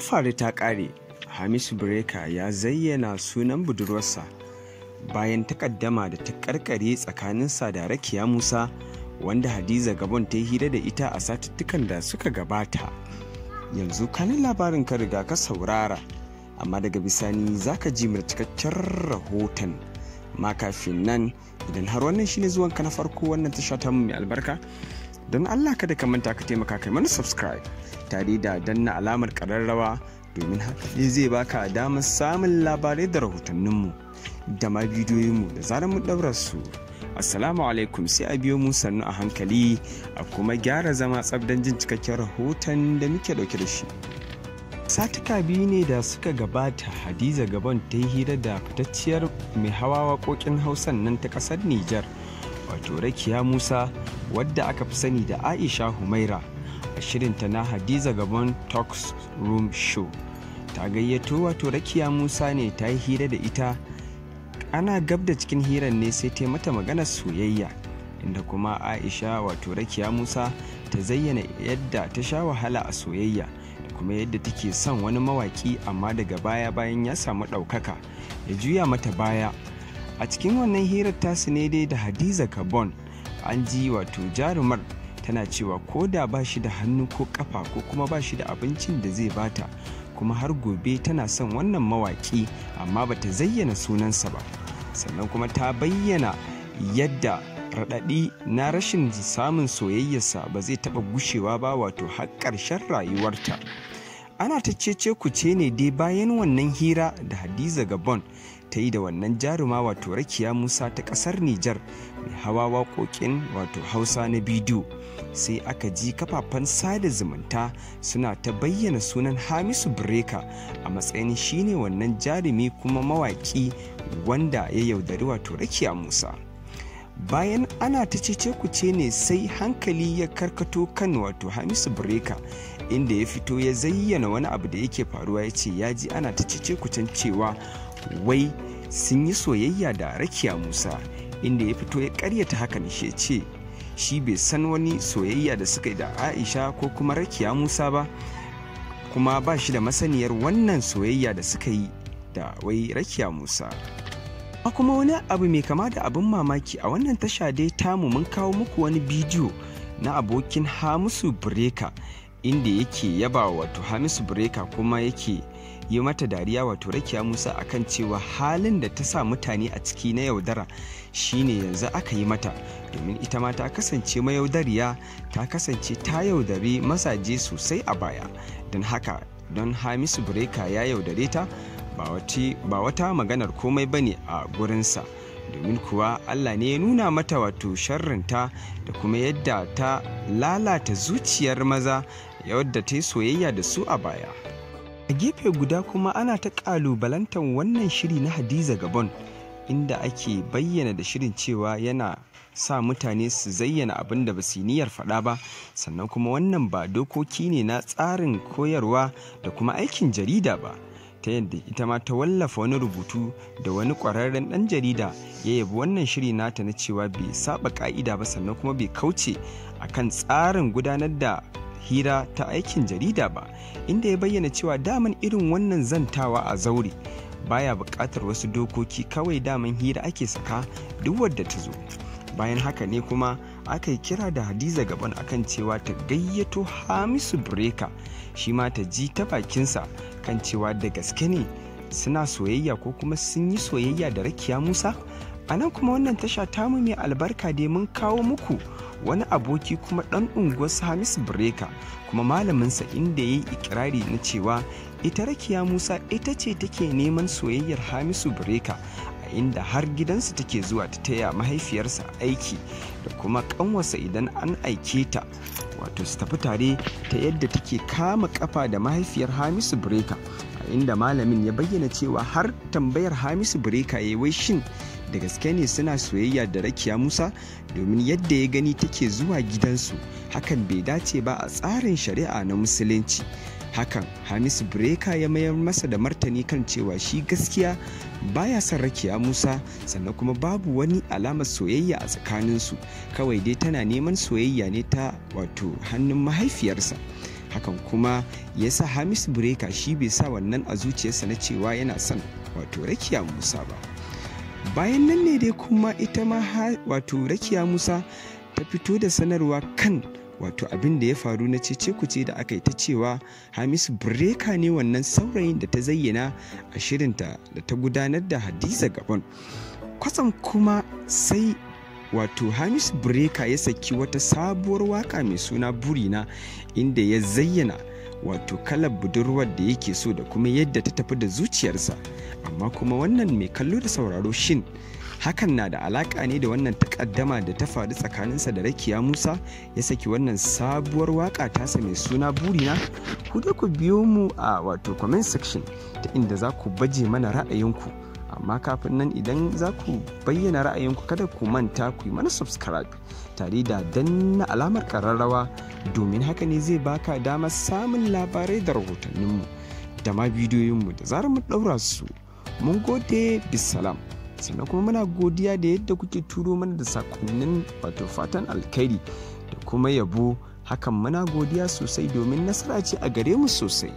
faru ta ƙare hamisu breka ya zayyana sunan budurwarsa bayan takaddama da ta karkare tsakaninsa da rakiya musa wanda hadiza gabon ta yi hira da ita a satuttukan da suka gabata yanzu kanin labarin ka riga ka saurara amma daga bisani za ka ji mai cikakken rahoton ma kafin nan idan har wannan shine zuwanka na farko wannan tasha ta mai albarka don Allah kada ka manta ka taimaka kai mana subscribe tare da danna alamar kararrawa domin haka zai baka damar samun labarai da rahotanninmu da ma bidiyoyinmu da zarar mu daura su assalamu alaikum sai a biyo mu sannu a hankali a kuma gyara zama tsabdan jin cikakken rahoton da muke ɗauke da shi satuka biyu ne da suka gabata hadiza gabon ta yi hira da fitacciyar mai hawa waƙoƙin hausan nan ta ƙasar nijar wato rakiya musa wadda aka fi sani da aisha humaira a shirinta na hadiza gaban talks room show ta gayyato wato rakiya musa ne ta yi hira da ita ana gab da cikin hirar ne sai ta mata maganar soyayya inda kuma aisha wato rakiya musa ta zayyana yadda ta sha wahala a soyayya da kuma yadda take son wani mawaki amma daga baya bayan ya samu ɗaukaka ya juya mata baya a cikin wannan hirar tasu ne dai da hadiza carbon an ji wato jarumar tana cewa ko da ba shi da hannu ko kafa ko kuma ba shi da abincin da zai bata kuma har gobe tana son wannan mawaki amma ba ta zayyana sunansa ba sannan kuma ta bayyana yadda raɗaɗi na rashin samun soyayyarsa ba zai taɓa gushewa ba wato har ƙarshen rayuwarta ana ta cece ce ne dai bayan wannan hira da hadiza gabon ta yi da wannan jaruma wato rakiya musa ta kasar nijar mai hawa waƙoƙin wato hausa na bidiyo sai aka ji kafafen sada zumunta suna ta bayyana sunan hamisu breka a matsayin shine wannan jarumi kuma mawaƙi wanda ya yaudari wato rakiya musa bayan ana ta cece ce ne sai hankali ya karkato kan wato hamisu breka inda ya fito ya zayyana wani abu da yake faruwa ya ce ya ji ana ta cece can cewa wai sun yi soyayya da rakiya musa inda ya fito ya karyata hakan shi ce shi bai san wani soyayya da suka yi da aisha ko kuma rakiya musa ba kuma ba shi da masaniyar wannan soyayya da suka yi da wai rakiya musa A kuma wani abu mai kama da abin mamaki a wannan tasha dai tamu mun kawo muku wani bidiyo na abokin Hamisu Breka inda yake yaba wato Hamisu Breka kuma yake yi mata dariya wato Rakiya Musa akan cewa halin da ta sa mutane a ciki na yaudara shine yanzu aka yi mata domin ita ma ta kasance mayaudariya ta kasance ta yaudari masaje sosai a baya don haka don Hamisu Breka ya yaudare ta ba wata maganar komai ba ne a gurinsa domin kuwa allah ne ya nuna mata wato sharrinta da kuma yadda ta lalata zuciyar maza yadda ta yi soyayya da su a baya a gefe guda kuma ana ta kalubalantar wannan shiri na hadiza gabon inda ake bayyana da shirin cewa yana sa mutane su zayyana abin da ba su niyyar faɗa ba sannan kuma wannan ba dokoki ne na tsarin koyarwa da kuma aikin jarida ba ta yadda ita ma ta wallafa wani rubutu da wani ƙwararren ɗan jarida ya yabi wannan shiri nata na cewa bai saba ka'ida ba sannan kuma bai kauce a kan tsarin gudanar da hira ta aikin jarida ba inda ya bayyana cewa daman irin wannan zantawa a zaure baya buƙatar wasu dokoki kawai daman hira ake saka duk wadda ta zo bayan haka ne kuma aka yi kira da hadiza gaban akan cewa ta gayyato hamisu breka shi ma ta ji ta bakinsa kan cewa da gaske ne suna soyayya ko kuma sun yi soyayya da rakiya musa a nan kuma wannan tasha ta mu mai albarka dai mun kawo muku wani aboki kuma dan unguwar hamis breka kuma malaminsa inda ya yi ikirari na cewa ita rakiya musa ita ce take neman soyayyar hamisu breka yayin har gidansu take zuwa ta taya mahaifiyarsa aiki da kuma kanwarsa idan an aike ta wato su tafi tare ta yadda take kama kafa da mahaifiyar hamisu breka a inda malamin ya bayyana cewa har tambayar hamisu breka ya wai shin da gaske ne suna soyayya da rakiya musa domin yadda ya gani take zuwa gidansu hakan bai dace ba a tsarin shari'a na musulunci hakan hamisu breka ya mayar masa da martani kan cewa shi gaskiya baya son rakiya musa sannan kuma babu wani alamar soyayya a tsakaninsu kawai dai tana neman soyayya ne ta wato hannun mahaifiyarsa hakan kuma ya sa hamis breka shi bai sa wannan a zuciyarsa na cewa yana son wato rakiya musa ba bayan nan ne dai kuma ita ma wato rakiya musa ta fito da sanarwa kan wato abin da ya faru na cece kuce da aka yi ta cewa hamis breka ne wannan saurayin da ta zayyana a shirinta da ta gudanar da hadiza gaban kwatsam kuma sai wato hamis breka ya saki wata sabuwar waka mai suna burina inda ya zayyana wato kalar budurwar da yake so da kuma yadda ta tafi da zuciyarsa amma kuma wannan mai kallo da sauraro shin hakan na da alaƙa ne da wannan takaddama da ta faru tsakaninsa da rakiya musa ya saki wannan sabuwar waka tasa mai suna burina ku da ku biyo mu a wato comment section ta inda za ku baje mana ra'ayinku amma kafin nan idan za ku bayyana ra'ayinku kada ku manta ku yi mana subscribe tare da danna alamar kararrawa domin haka ne zai baka damar samun labarai da rahotanninmu da ma bidiyoyinmu da zarar mu ɗaura su mun gode bisalam sannan kuma muna godiya da yadda kuke turo mana da sakonnin wato fatan alkhairi da kuma yabo hakan muna godiya sosai domin nasara ce a gare mu sosai